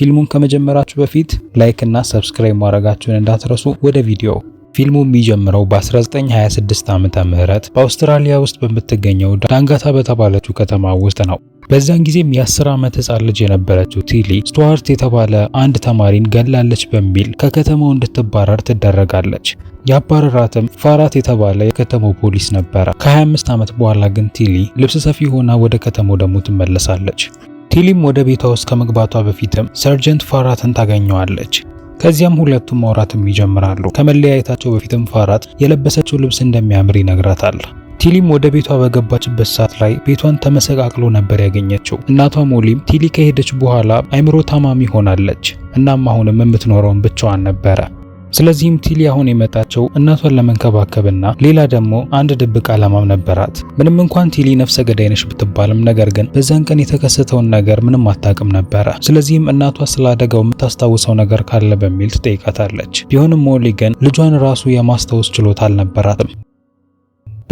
ፊልሙን ከመጀመራችሁ በፊት ላይክ እና ሰብስክራይብ ማድረጋችሁን እንዳትረሱ። ወደ ቪዲዮ ፊልሙ የሚጀምረው በ1926 ዓመተ ምህረት በአውስትራሊያ ውስጥ በምትገኘው ዳንጋታ በተባለችው ከተማ ውስጥ ነው። በዛን ጊዜም የ10 ዓመት ህፃን ልጅ የነበረችው ቲሊ ስቱዋርት የተባለ አንድ ተማሪን ገላለች በሚል ከከተማው እንድትባረር ትደረጋለች። ያባረራትም ፋራት የተባለ የከተማው ፖሊስ ነበረ። ከ25 ዓመት በኋላ ግን ቲሊ ልብስ ሰፊ ሆና ወደ ከተማው ደግሞ ትመለሳለች። ቲሊም ወደ ቤቷ ውስጥ ከመግባቷ በፊትም ሰርጀንት ፋራትን ታገኘዋለች። ከዚያም ሁለቱም ማውራትም ይጀምራሉ። ከመለያየታቸው በፊትም ፋራት የለበሰችው ልብስ እንደሚያምር ይነግራታል። ቲሊም ወደ ቤቷ በገባችበት ሰዓት ላይ ቤቷን ተመሰቃቅሎ ነበር ያገኘችው። እናቷ ሞሊም ቲሊ ከሄደች በኋላ አይምሮ ታማሚ ሆናለች። እናም አሁንም የምትኖረውን ብቻዋን ነበረ። ስለዚህም ቲሊ አሁን የመጣቸው እናቷን ለመንከባከብና ሌላ ደግሞ አንድ ድብቅ ዓላማም ነበራት። ምንም እንኳን ቲሊ ነፍሰ ገዳይ ነሽ ብትባልም ነገር ግን በዛን ቀን የተከሰተውን ነገር ምንም አታውቅም ነበረ። ስለዚህም እናቷ ስለ አደጋው የምታስታውሰው ነገር ካለ በሚል ትጠይቃታለች። ቢሆንም ሞሊ ግን ልጇን ራሱ የማስታወስ ችሎታ አልነበራትም።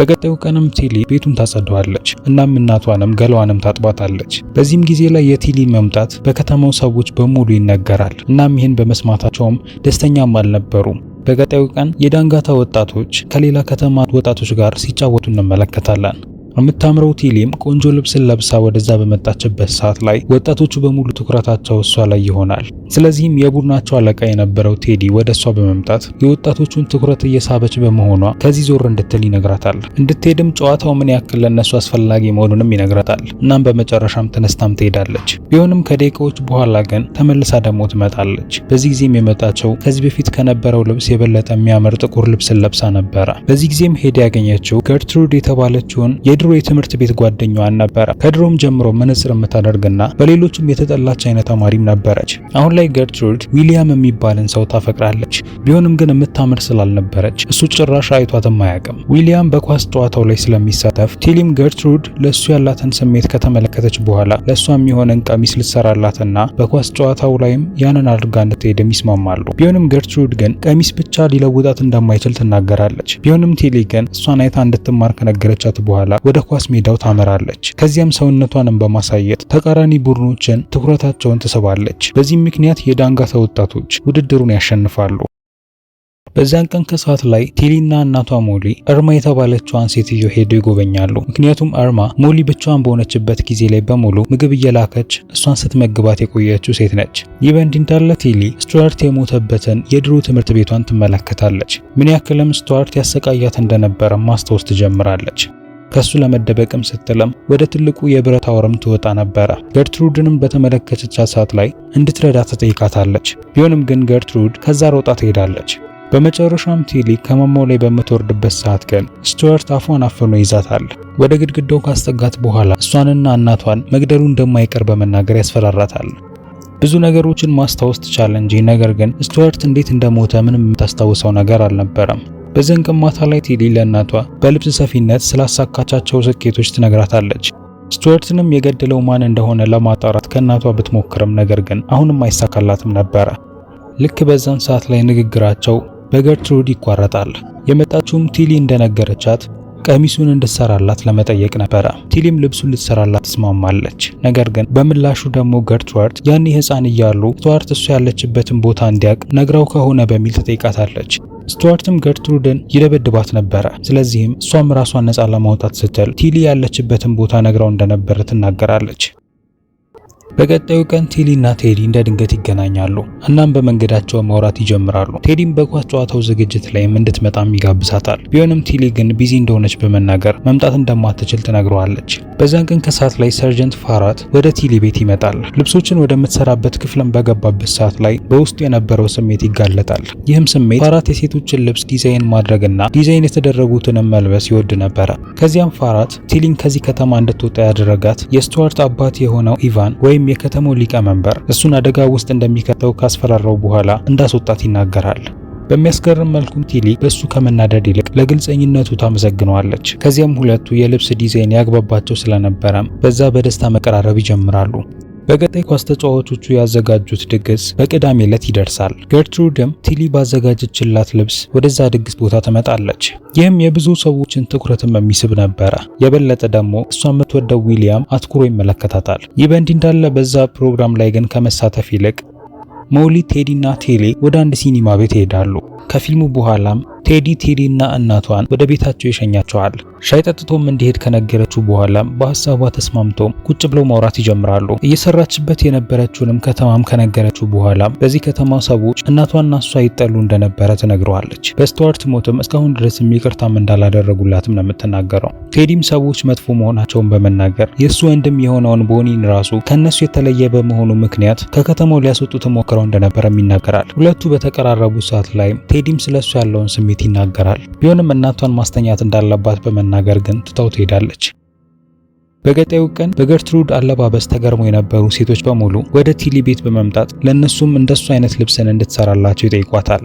በቀጣዩ ቀንም ቲሊ ቤቱን ታጸደዋለች። እናም እናቷንም ገላዋንም ታጥባታለች። በዚህም ጊዜ ላይ የቴሊ መምጣት በከተማው ሰዎች በሙሉ ይነገራል። እናም ይህን በመስማታቸውም ደስተኛም አልነበሩም። በቀጣዩ ቀን የዳንጋታ ወጣቶች ከሌላ ከተማ ወጣቶች ጋር ሲጫወቱ እንመለከታለን። የምታምረው ቲሊም ቆንጆ ልብስን ለብሳ ወደዛ በመጣችበት ሰዓት ላይ ወጣቶቹ በሙሉ ትኩረታቸው እሷ ላይ ይሆናል። ስለዚህም የቡድናቸው አለቃ የነበረው ቴዲ ወደ እሷ በመምጣት የወጣቶቹን ትኩረት እየሳበች በመሆኗ ከዚህ ዞር እንድትል ይነግራታል። እንድትሄድም ጨዋታው ምን ያክል ለእነሱ አስፈላጊ መሆኑንም ይነግራታል። እናም በመጨረሻም ተነስታም ትሄዳለች። ቢሆንም ከደቂቃዎች በኋላ ግን ተመልሳ ደግሞ ትመጣለች። በዚህ ጊዜም የመጣቸው ከዚህ በፊት ከነበረው ልብስ የበለጠ የሚያምር ጥቁር ልብስን ለብሳ ነበረ። በዚህ ጊዜም ሄዲ ያገኘችው ገርትሩድ የተባለችውን የድሮ የትምህርት ቤት ጓደኛዋን ነበረ። ከድሮም ጀምሮ መነጽር የምታደርግና በሌሎችም የተጠላች አይነት ተማሪም ነበረች። አሁን ላይ ገርትሩድ ዊሊያም የሚባልን ሰው ታፈቅራለች። ቢሆንም ግን የምታምር ስላልነበረች እሱ ጭራሽ አይቷትም አያውቅም። ዊሊያም በኳስ ጨዋታው ላይ ስለሚሳተፍ ቲሊም ገርትሩድ ለእሱ ያላትን ስሜት ከተመለከተች በኋላ ለእሷ የሚሆነን ቀሚስ ልትሰራላትና በኳስ ጨዋታው ላይም ያንን አድርጋ እንድትሄድም ይስማማሉ። ቢሆንም ገርትሩድ ግን ቀሚስ ብቻ ሊለውጣት እንደማይችል ትናገራለች። ቢሆንም ቲሊ ግን እሷን አይታ እንድትማር ከነገረቻት በኋላ ወደ ኳስ ሜዳው ታመራለች። ከዚያም ሰውነቷንም በማሳየት ተቃራኒ ቡድኖችን ትኩረታቸውን ትስባለች። በዚህም ምክንያት የዳንጋታ ወጣቶች ውድድሩን ያሸንፋሉ። በዚያን ቀን ከሰዓት ላይ ቴሊና እናቷ ሞሊ እርማ የተባለችዋን ሴትዮ ሄደው ይጎበኛሉ። ምክንያቱም እርማ ሞሊ ብቻዋን በሆነችበት ጊዜ ላይ በሙሉ ምግብ እየላከች እሷን ስትመግባት የቆየችው ሴት ነች። ይህ በእንዲህ እንዳለ ቴሊ ስቱዋርት የሞተበትን የድሮ ትምህርት ቤቷን ትመለከታለች። ምን ያክልም ስቱዋርት ያሰቃያት እንደነበረ ማስታወስ ትጀምራለች። ከሱ ለመደበቅም ስትለም ወደ ትልቁ የብረት አውረም ትወጣ ነበረ። ገርትሩድንም በተመለከተቻት ሰዓት ላይ እንድትረዳ ተጠይቃታለች። ቢሆንም ግን ገርትሩድ ከዛ ሮጣ ትሄዳለች። በመጨረሻም ቲሊ ከማማው ላይ በምትወርድበት ሰዓት ግን ስቱዋርት አፏን አፍኖ ይዛታል። ወደ ግድግዳው ካስጠጋት በኋላ እሷንና እናቷን መግደሉ እንደማይቀር በመናገር ያስፈራራታል። ብዙ ነገሮችን ማስታወስ ትቻለ እንጂ ነገር ግን ስቱዋርት እንዴት እንደሞተ ምንም የምታስታውሰው ነገር አልነበረም። በዚያን ቀን ማታ ላይ ቴሊ ለእናቷ በልብስ ሰፊነት ስላሳካቻቸው ስኬቶች ትነግራታለች። ስቱዋርትንም የገደለው ማን እንደሆነ ለማጣራት ከእናቷ ብትሞክርም ነገር ግን አሁንም አይሳካላትም ነበረ። ልክ በዛን ሰዓት ላይ ንግግራቸው በገርትሩድ ይቋረጣል። የመጣችውም ቲሊ እንደነገረቻት ቀሚሱን እንድትሰራላት ለመጠየቅ ነበረ። ቲሊም ልብሱን ልትሰራላት ትስማማለች። ነገር ግን በምላሹ ደግሞ ገርትዋርት ያኔ ሕፃን እያሉ ስቱዋርት እሱ ያለችበትን ቦታ እንዲያውቅ ነግራው ከሆነ በሚል ትጠይቃታለች። ስቱዋርትም ገርትሩድን ይደበድባት ነበረ። ስለዚህም እሷም ራሷን ነጻ ለማውጣት ስትል ቲሊ ያለችበትን ቦታ ነግራው እንደነበረ ትናገራለች። በቀጣዩ ቀን ቲሊ እና ቴዲ እንደ ድንገት ይገናኛሉ። እናም በመንገዳቸው ማውራት ይጀምራሉ። ቴዲም በኳስ ጨዋታው ዝግጅት ላይም እንድትመጣም ይጋብዛታል። ቢሆንም ቲሊ ግን ቢዚ እንደሆነች በመናገር መምጣት እንደማትችል ትነግረዋለች። በዛን ቀን ከሰዓት ላይ ሰርጀንት ፋራት ወደ ቲሊ ቤት ይመጣል። ልብሶችን ወደምትሰራበት ክፍልም በገባበት ሰዓት ላይ በውስጡ የነበረው ስሜት ይጋለጣል። ይህም ስሜት ፋራት የሴቶችን ልብስ ዲዛይን ማድረግና ዲዛይን የተደረጉትንም መልበስ ይወድ ነበረ። ከዚያም ፋራት ቲሊን ከዚህ ከተማ እንድትወጣ ያደረጋት የስቱዋርት አባት የሆነው ኢቫን ወይም የከተማው ሊቀመንበር እሱን አደጋ ውስጥ እንደሚከተው ካስፈራራው በኋላ እንዳስወጣት ይናገራል። በሚያስገርም መልኩም ቲሊ በእሱ ከመናደድ ይልቅ ለግልጸኝነቱ ታመሰግነዋለች። ከዚያም ሁለቱ የልብስ ዲዛይን ያግባባቸው ስለነበረም በዛ በደስታ መቀራረብ ይጀምራሉ። በቀጣይ ኳስ ተጫዋቾቹ ያዘጋጁት ድግስ በቅዳሜ ዕለት ይደርሳል። ገርትሩድም ቲሊ ባዘጋጀችላት ልብስ ወደዛ ድግስ ቦታ ትመጣለች። ይህም የብዙ ሰዎችን ትኩረትም የሚስብ ነበረ። የበለጠ ደግሞ እሷ የምትወደው ዊሊያም አትኩሮ ይመለከታታል። ይህ በእንዲህ እንዳለ በዛ ፕሮግራም ላይ ግን ከመሳተፍ ይልቅ ሞሊ ቴዲና ቴሌ ወደ አንድ ሲኒማ ቤት ይሄዳሉ። ከፊልሙ በኋላም ቴዲ ቴዲና እናቷን ወደ ቤታቸው ይሸኛቸዋል። ሻይ ጠጥቶም እንዲሄድ ከነገረችው በኋላ በሀሳቧ ተስማምቶ ቁጭ ብለው ማውራት ይጀምራሉ። እየሰራችበት የነበረችውንም ከተማም ከነገረችው በኋላ በዚህ ከተማ ሰዎች እናቷና እሷ ይጠሉ እንደነበረ ትነግረዋለች። በስቱዋርት ሞትም እስካሁን ድረስም ይቅርታም እንዳላደረጉላትም ነው የምትናገረው። ቴዲም ሰዎች መጥፎ መሆናቸውን በመናገር የእሱ ወንድም የሆነውን ቦኒን ራሱ ከእነሱ የተለየ በመሆኑ ምክንያት ከከተማው ሊያስወጡት ሞክረው እንደነበረም ይናገራል። ሁለቱ በተቀራረቡ ሰዓት ላይ ቴዲም ስለሱ ያለውን ስሜት ስሜት ይናገራል። ቢሆንም እናቷን ማስተኛት እንዳለባት በመናገር ግን ትታው ትሄዳለች። በገጠው ቀን በገርትሩድ አለባበስ ተገርሞ የነበሩ ሴቶች በሙሉ ወደ ቲሊ ቤት በመምጣት ለነሱም እንደሱ አይነት ልብስን እንድትሰራላቸው ይጠይቋታል።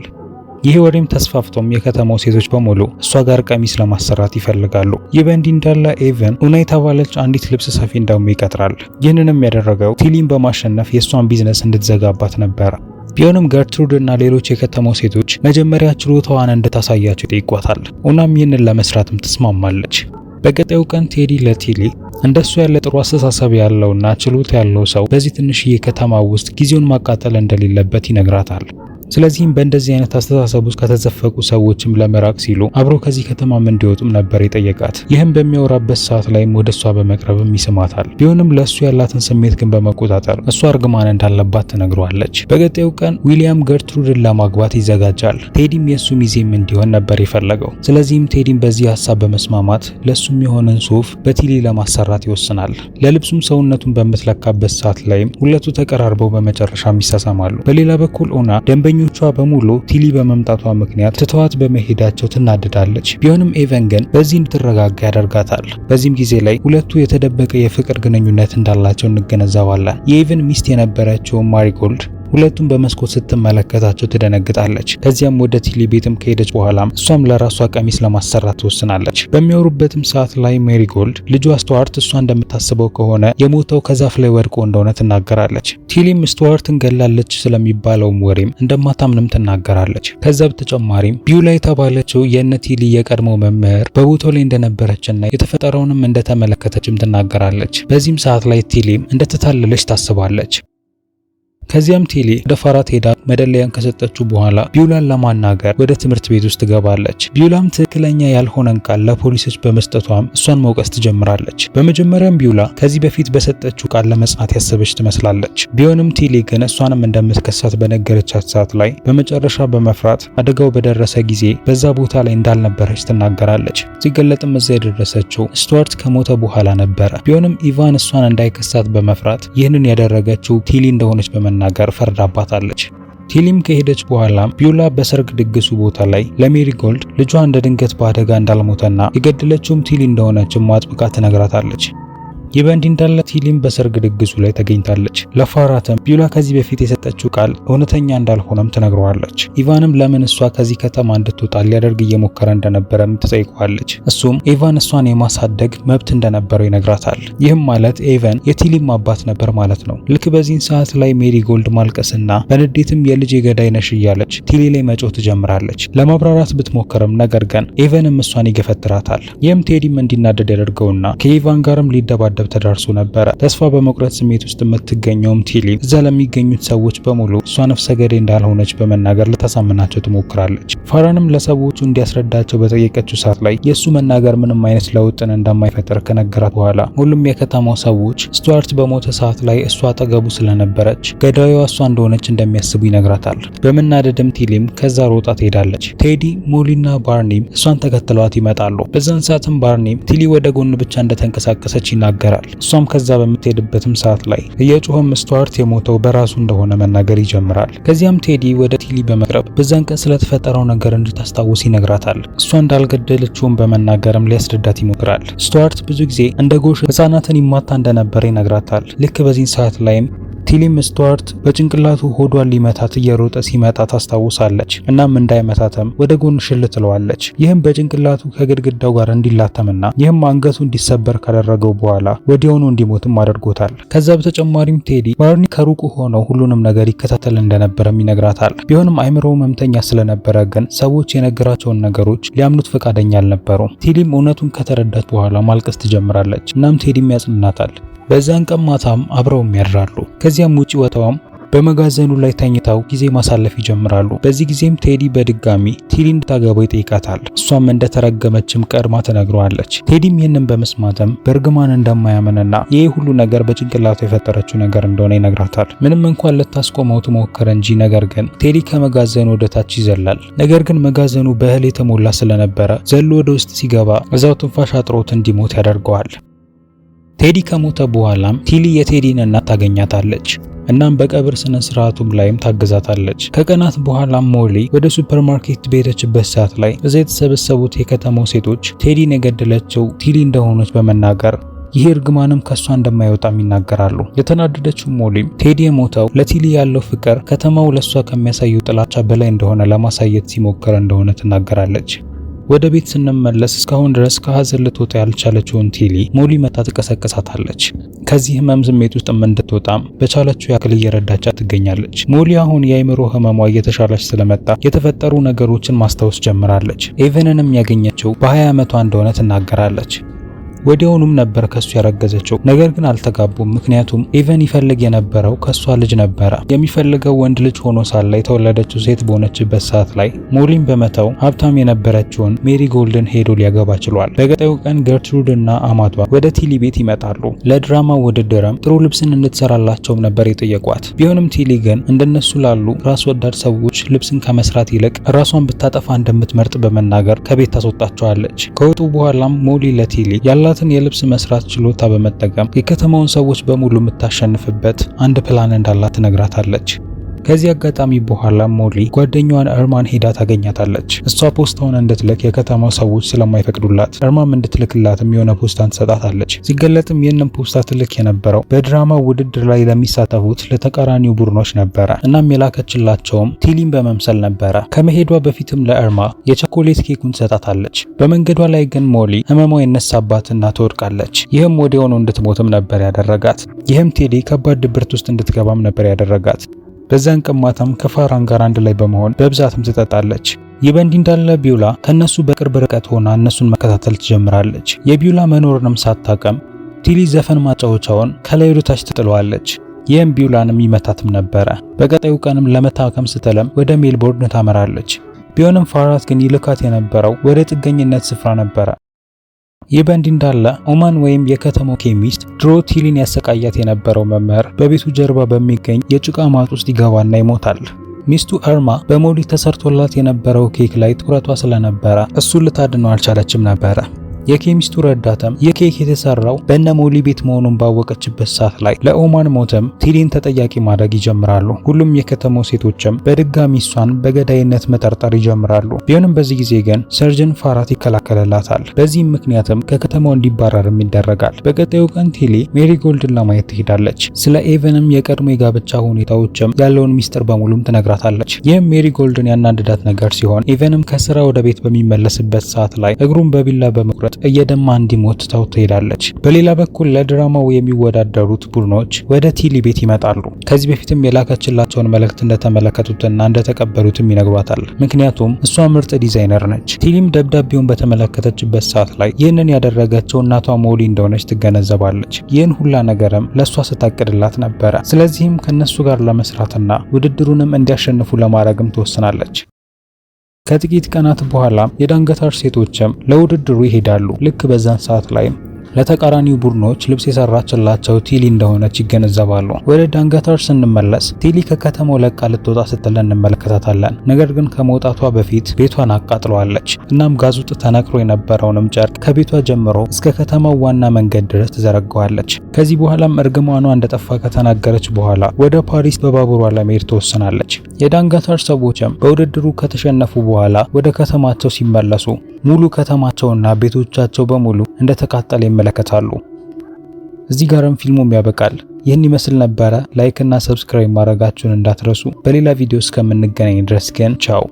ይህ ወሬም ተስፋፍቶም የከተማው ሴቶች በሙሉ እሷ ጋር ቀሚስ ለማሰራት ይፈልጋሉ። ይህ በእንዲህ እንዳለ ኤቨን ኡና የተባለች አንዲት ልብስ ሰፊ ደግሞ ይቀጥራል። ይህንንም ያደረገው ቲሊን በማሸነፍ የእሷን ቢዝነስ እንድትዘጋባት ነበር። ቢሆንም ገርትሩድ እና ሌሎች የከተማው ሴቶች መጀመሪያ ችሎታዋን እንድታሳያቸው ይጠይቋታል። ሆናም ይህንን ለመስራትም ትስማማለች። በቀጣዩ ቀን ቴዲ ለቲሊ እንደሱ ያለ ጥሩ አስተሳሰብ ያለውና ችሎታ ያለው ሰው በዚህ ትንሽዬ ከተማ ውስጥ ጊዜውን ማቃጠል እንደሌለበት ይነግራታል። ስለዚህም በእንደዚህ አይነት አስተሳሰብ ውስጥ ከተዘፈቁ ሰዎችም ለመራቅ ሲሉ አብሮ ከዚህ ከተማም እንዲወጡም ነበር የጠየቃት። ይህም በሚያወራበት ሰዓት ላይም ወደ እሷ በመቅረብም ይስማታል። ቢሆንም ለእሱ ያላትን ስሜት ግን በመቆጣጠር እሷ እርግማን እንዳለባት ትነግረዋለች። በቀጣዩ ቀን ዊሊያም ገርትሩድን ለማግባት ይዘጋጃል። ቴዲም የእሱ ሚዜም እንዲሆን ነበር የፈለገው። ስለዚህም ቴዲም በዚህ ሀሳብ በመስማማት ለእሱም የሆነን ሱፍ በቲሊ ለማሰራት ይወስናል። ለልብሱም ሰውነቱን በምትለካበት ሰዓት ላይም ሁለቱ ተቀራርበው በመጨረሻም ይሳሳማሉ። በሌላ በኩል ኦና ደንበ ጓደኞቿ በሙሉ ቲሊ በመምጣቷ ምክንያት ትተዋት በመሄዳቸው ትናደዳለች። ቢሆንም ኤቨን ግን በዚህ እንድትረጋጋ ያደርጋታል። በዚህም ጊዜ ላይ ሁለቱ የተደበቀ የፍቅር ግንኙነት እንዳላቸው እንገነዘባለን። የኤቨን ሚስት የነበረችው ማሪጎልድ ሁለቱም በመስኮት ስትመለከታቸው ትደነግጣለች። ከዚያም ወደ ቲሊ ቤትም ከሄደች በኋላም እሷም ለራሷ ቀሚስ ለማሰራት ትወስናለች። በሚያወሩበትም ሰዓት ላይ ሜሪጎልድ ልጇ ስቱዋርት እሷ እንደምታስበው ከሆነ የሞተው ከዛፍ ላይ ወድቆ እንደሆነ ትናገራለች። ቲሊም ስቱዋርት እንገላለች ስለሚባለውም ወሬም እንደማታምንም ትናገራለች። ከዛ በተጨማሪም ቢዩላ የተባለችው የእነ ቲሊ የቀድሞ መምህር በቦታው ላይ እንደነበረችና የተፈጠረውንም እንደተመለከተችም ትናገራለች። በዚህም ሰዓት ላይ ቲሊም እንደተታለለች ታስባለች። ከዚያም ቴሌ ወደ ፋራት ሄዳ መደለያን ከሰጠችው በኋላ ቢውላን ለማናገር ወደ ትምህርት ቤት ውስጥ ትገባለች። ቢውላም ትክክለኛ ያልሆነን ቃል ለፖሊሶች በመስጠቷም እሷን መውቀስ ትጀምራለች። በመጀመሪያም ቢውላ ከዚህ በፊት በሰጠችው ቃል ለመጽናት ያሰበች ትመስላለች። ቢሆንም ቴሌ ግን እሷንም እንደምትከሳት በነገረቻት ሰዓት ላይ በመጨረሻ በመፍራት አደጋው በደረሰ ጊዜ በዛ ቦታ ላይ እንዳልነበረች ትናገራለች። ሲገለጥም እዛ የደረሰችው ስቱዋርት ከሞተ በኋላ ነበረ። ቢሆንም ኢቫን እሷን እንዳይከሳት በመፍራት ይህንን ያደረገችው ቴሌ እንደሆነች በመ ለመናገር ፈርዳባታለች። ቲሊም ከሄደች በኋላ ቢዩላ በሰርግ ድግሱ ቦታ ላይ ጎልድ ልጇ እንደ ድንገት በአደጋ እንዳልሞተና የገደለችውም ቲሊ እንደሆነችም አጥብቃ ትነግራታለች። ይህ በእንዲህ እንዳለ ቲሊም በሰርግ ድግሱ ላይ ተገኝታለች። ለፋራተም ቢውላ ከዚህ በፊት የሰጠችው ቃል እውነተኛ እንዳልሆነም ትነግረዋለች። ኢቫንም ለምን እሷ ከዚህ ከተማ እንድትወጣ ሊያደርግ እየሞከረ እንደነበረም ትጠይቀዋለች። እሱም ኢቫን እሷን የማሳደግ መብት እንደነበረው ይነግራታል። ይህም ማለት ኤቨን የቲሊም አባት ነበር ማለት ነው። ልክ በዚህን ሰዓት ላይ ሜሪ ጎልድ ማልቀስና በንዴትም የልጅ የገዳይ ነሽ እያለች ቲሊ ላይ መጮህ ትጀምራለች። ለማብራራት ብትሞክርም ነገር ግን ኤቨንም እሷን ይገፈትራታል። ይህም ቴዲም እንዲናደድ ያደርገውና ከኢቫን ጋርም ሊደባደብ ነጥብ ተዳርሶ ነበረ። ተስፋ በመቁረጥ ስሜት ውስጥ የምትገኘውም ቲሊ እዛ ለሚገኙት ሰዎች በሙሉ እሷ ነፍሰ ገዴ እንዳልሆነች በመናገር ልታሳምናቸው ትሞክራለች። ፋራንም ለሰዎቹ እንዲያስረዳቸው በጠየቀችው ሰዓት ላይ የእሱ መናገር ምንም አይነት ለውጥን እንደማይፈጥር ከነገራት በኋላ ሁሉም የከተማው ሰዎች ስቱዋርት በሞተ ሰዓት ላይ እሷ አጠገቡ ስለነበረች ገዳዩዋ እሷ እንደሆነች እንደሚያስቡ ይነግራታል። በመናደድም ቲሊም ከዛ ሮጣ ትሄዳለች። ቴዲ ሞሊና ባርኒም እሷን ተከትለዋት ይመጣሉ። በዛን ሰዓትም ባርኒም ቲሊ ወደ ጎን ብቻ እንደተንቀሳቀሰች ይናገራል። ይናገራል። እሷም ከዛ በምትሄድበትም ሰዓት ላይ እየጮኸም ስቱዋርት የሞተው በራሱ እንደሆነ መናገር ይጀምራል። ከዚያም ቴዲ ወደ ቲሊ በመቅረብ በዛን ቀን ስለተፈጠረው ነገር እንድታስታውስ ይነግራታል። እሷ እንዳልገደለችውም በመናገርም ሊያስረዳት ይሞክራል። ስቱዋርት ብዙ ጊዜ እንደ ጎሽ ህጻናትን ይማታ እንደነበረ ይነግራታል። ልክ በዚህ ሰዓት ላይም ቲሊም ስቱዋርት በጭንቅላቱ ሆዷን ሊመታት እየሮጠ ሲመጣ ታስታውሳለች። እናም እንዳይመታተም ወደ ጎን ሽል ትለዋለች። ይህም በጭንቅላቱ ከግድግዳው ጋር እንዲላተምና ይህም አንገቱ እንዲሰበር ካደረገው በኋላ ወዲያውኑ እንዲሞትም አድርጎታል። ከዛ በተጨማሪም ቴዲ ባርኒ ከሩቁ ሆኖ ሁሉንም ነገር ይከታተል እንደነበረም ይነግራታል። ቢሆንም አይምሮ መምተኛ ስለነበረ ግን ሰዎች የነገራቸውን ነገሮች ሊያምኑት ፈቃደኛ አልነበሩም። ቴዲም እውነቱን ከተረዳች በኋላ ማልቀስ ትጀምራለች። እናም ቴዲም ያጽናናታል። በዛን ቀን ማታም አብረውም ያድራሉ። ከዚያም ውጪ ወጥተውም በመጋዘኑ ላይ ተኝተው ጊዜ ማሳለፍ ይጀምራሉ። በዚህ ጊዜም ቴዲ በድጋሚ ቲሊ እንድታገባው ይጠይቃታል። እሷም እንደተረገመችም ቀድማ ትነግረዋለች። ቴዲም ይህንን በመስማትም በእርግማን እንደማያምንና ይህ ሁሉ ነገር በጭንቅላቱ የፈጠረችው ነገር እንደሆነ ይነግራታል። ምንም እንኳን ልታስቆመው ትሞክር እንጂ ነገር ግን ቴዲ ከመጋዘኑ ወደ ታች ይዘላል። ነገር ግን መጋዘኑ በእህል የተሞላ ስለነበረ ዘሎ ወደ ውስጥ ሲገባ እዛው ትንፋሽ አጥሮት እንዲሞት ያደርገዋል። ቴዲ ከሞተ በኋላም ቲሊ የቴዲን እናት ታገኛታለች። እናም በቀብር ስነ ስርዓቱም ላይም ታግዛታለች። ከቀናት በኋላም ሞሊ ወደ ሱፐርማርኬት በሄደችበት ሰዓት ላይ እዛ የተሰበሰቡት የከተማው ሴቶች ቴዲን የገደለችው ቲሊ እንደሆነች በመናገር ይህ እርግማንም ከሷ እንደማይወጣም ይናገራሉ። የተናደደችው ሞሊም ቴዲ የሞተው ለቲሊ ያለው ፍቅር ከተማው ለሷ ከሚያሳየው ጥላቻ በላይ እንደሆነ ለማሳየት ሲሞክር እንደሆነ ትናገራለች። ወደ ቤት ስንመለስ እስካሁን ድረስ ከሀዘን ልትወጣ ያልቻለችውን ቴሊ ሞሊ መታ ትቀሰቅሳታለች። ከዚህ ህመም ስሜት ውስጥ እንድትወጣም በቻለችው ያክል እየረዳቻ ትገኛለች። ሞሊ አሁን የአይምሮ ህመሟ እየተሻለች ስለመጣ የተፈጠሩ ነገሮችን ማስታወስ ጀምራለች። ኤቨንንም ያገኘችው በ20 ዓመቷ እንደሆነ ትናገራለች። ወዲያውኑም ነበር ከሱ ያረገዘችው። ነገር ግን አልተጋቡም። ምክንያቱም ኢቨን ይፈልግ የነበረው ከሷ ልጅ ነበረ። የሚፈልገው ወንድ ልጅ ሆኖ ሳለ የተወለደችው ሴት በሆነችበት ሰዓት ላይ ሞሊን በመተው ሀብታም የነበረችውን ሜሪ ጎልድን ሄዶ ሊያገባ ችሏል። በቀጣዩ ቀን ገርትሩድ እና አማቷ ወደ ቲሊ ቤት ይመጣሉ። ለድራማ ውድድርም ጥሩ ልብስን እንድትሰራላቸውም ነበር የጠየቋት። ቢሆንም ቲሊ ግን እንደነሱ ላሉ ራስ ወዳድ ሰዎች ልብስን ከመስራት ይልቅ ራሷን ብታጠፋ እንደምትመርጥ በመናገር ከቤት ታስወጣቸዋለች። ከወጡ በኋላም ሞሊ ለቲሊ ያላ የሰራትን የልብስ መስራት ችሎታ በመጠቀም የከተማውን ሰዎች በሙሉ የምታሸንፍበት አንድ ፕላን እንዳላት ትነግራታለች። ከዚህ አጋጣሚ በኋላ ሞሊ ጓደኛዋን እርማን ሄዳ ታገኛታለች። እሷ ፖስታውን እንድትልክ የከተማው ሰዎች ስለማይፈቅዱላት እርማም እንድትልክላትም የሆነ ፖስታን ትሰጣታለች። ሲገለጥም ይህንን ፖስታ ትልክ የነበረው በድራማ ውድድር ላይ ለሚሳተፉት ለተቃራኒው ቡድኖች ነበረ። እናም የላከችላቸውም ቲሊን በመምሰል ነበረ። ከመሄዷ በፊትም ለእርማ የቸኮሌት ኬኩን ትሰጣታለች። በመንገዷ ላይ ግን ሞሊ ህመሟ የነሳባትና ትወድቃለች። ይህም ወዲያውኑ እንድትሞትም ነበር ያደረጋት። ይህም ቴዲ ከባድ ድብርት ውስጥ እንድትገባም ነበር ያደረጋት። በዛን ቀን ከፋራን ጋር አንድ ላይ በመሆን በብዛትም ትጠጣለች። ይህ በእንዲህ እንዳለ ቢውላ ከነሱ በቅርብ ርቀት ሆና እነሱን መከታተል ትጀምራለች። የቢውላ መኖርንም ሳታቀም ቲሊ ዘፈን ማጫወቻውን ከላይ ወደታች ታች ትጥለዋለች። ይህም ቢውላንም ይመታትም ነበረ። በቀጣዩ ቀንም ለመታከም ስትለም ወደ ሜልቦርን ታመራለች። ቢሆንም ፋራት ግን ይልካት የነበረው ወደ ጥገኝነት ስፍራ ነበረ። ይህ በእንዲህ እንዳለ ኦማን ወይም የከተማው ኬሚስት ድሮ ቲሊን ያሰቃያት የነበረው መምህር በቤቱ ጀርባ በሚገኝ የጭቃ ማጥ ውስጥ ይገባና ይሞታል። ሚስቱ እርማ በሞሊ ተሰርቶላት የነበረው ኬክ ላይ ትኩረቷ ስለነበረ እሱን ልታድነው አልቻለችም ነበረ። የኬሚስቱ ረዳትም ይህ ኬክ የተሰራው በነ ሞሊ ቤት መሆኑን ባወቀችበት ሰዓት ላይ ለኦማን ሞትም ቲሊን ተጠያቂ ማድረግ ይጀምራሉ። ሁሉም የከተማው ሴቶችም በድጋሚ እሷን በገዳይነት መጠርጠር ይጀምራሉ። ቢሆንም በዚህ ጊዜ ግን ሰርጅን ፋራት ይከላከልላታል። በዚህም ምክንያትም ከከተማው እንዲባረርም ይደረጋል። በቀጣዩ ቀን ቲሊ ሜሪጎልድን ለማየት ትሄዳለች። ስለ ኤቨንም የቀድሞ የጋብቻ ሁኔታዎችም ያለውን ሚስጥር በሙሉም ትነግራታለች። ይህም ሜሪ ጎልድን ያናንድዳት ነገር ሲሆን ኤቨንም ከስራ ወደ ቤት በሚመለስበት ሰዓት ላይ እግሩን በቢላ በመቁረጥ እየደማ እንዲሞት ተው ትሄዳለች። በሌላ በኩል ለድራማው የሚወዳደሩት ቡድኖች ወደ ቲሊ ቤት ይመጣሉ። ከዚህ በፊትም የላከችላቸውን መልእክት እንደተመለከቱትና እንደተቀበሉትም ይነግሯታል። ምክንያቱም እሷ ምርጥ ዲዛይነር ነች። ቲሊም ደብዳቤውን በተመለከተችበት ሰዓት ላይ ይህንን ያደረገችው እናቷ ሞሊ እንደሆነች ትገነዘባለች። ይህን ሁላ ነገርም ለእሷ ስታቅድላት ነበረ። ስለዚህም ከእነሱ ጋር ለመስራትና ውድድሩንም እንዲያሸንፉ ለማድረግም ትወስናለች። ከጥቂት ቀናት በኋላ የዳንገታር ሴቶችም ለውድድሩ ይሄዳሉ። ልክ በዛን ሰዓት ላይም ለተቃራኒው ቡድኖች ልብስ የሰራችላቸው ቲሊ እንደሆነች ይገነዘባሉ። ወደ ዳንጋታር ስንመለስ ቲሊ ከከተማው ለቃ ልትወጣ ስትል እንመለከታታለን። ነገር ግን ከመውጣቷ በፊት ቤቷን አቃጥለዋለች። እናም ጋዙጥ ውጥ ተነክሮ የነበረውንም ጨርቅ ከቤቷ ጀምሮ እስከ ከተማው ዋና መንገድ ድረስ ትዘረገዋለች። ከዚህ በኋላም እርግማኗ እንደጠፋ ከተናገረች በኋላ ወደ ፓሪስ በባቡሯ ለመሄድ ትወስናለች። የዳንጋታር ሰዎችም በውድድሩ ከተሸነፉ በኋላ ወደ ከተማቸው ሲመለሱ ሙሉ ከተማቸውና ቤቶቻቸው በሙሉ እንደተቃጠለ ይመለከታሉ። እዚህ ጋርም ፊልሙም ያበቃል። ይህን ይመስል ነበረ። ላይክ እና ሰብስክራይብ ማድረጋችሁን እንዳትረሱ። በሌላ ቪዲዮ እስከምንገናኝ ድረስ ግን ቻው።